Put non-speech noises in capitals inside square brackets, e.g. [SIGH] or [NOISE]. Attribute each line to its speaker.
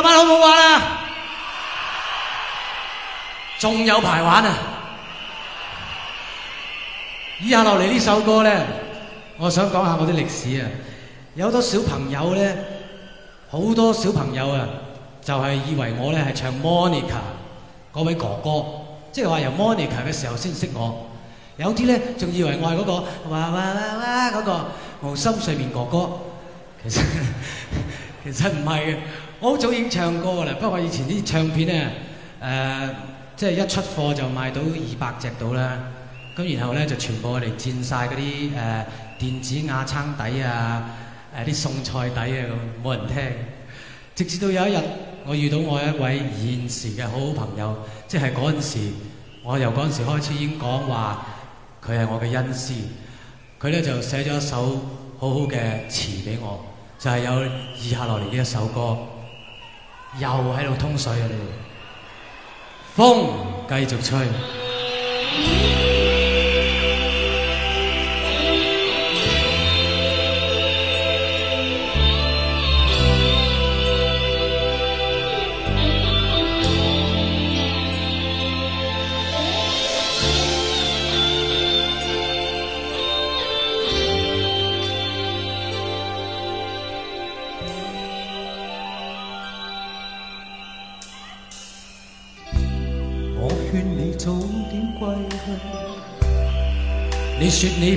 Speaker 1: 阿爸好唔好玩啊？仲有排玩啊！以下落嚟呢首歌咧，我想講下我啲歷史啊。有好多小朋友咧，好多小朋友啊，就係以為我咧係唱 Monica 嗰位哥哥，即係話由 Monica 嘅時候先識我。有啲咧仲以為我係嗰個哇哇哇嗰個無心睡眠哥哥，其實其實唔係。我好早已經唱歌啦，不過以前啲唱片咧，呃，即係一出貨就賣到二百隻到啦。咁然後咧就全部我哋佔晒嗰啲誒電子瓦罉底啊，啲、呃、餸菜底啊咁，冇人聽。直至到有一日，我遇到我一位現時嘅好好朋友，即係嗰時，我由嗰時開始已經講話佢係我嘅恩師。佢咧就寫咗一首好好嘅詞俾我，就係有以下落嚟呢一首歌。又喺度通水啊！你哋風繼續吹。 [NOISE]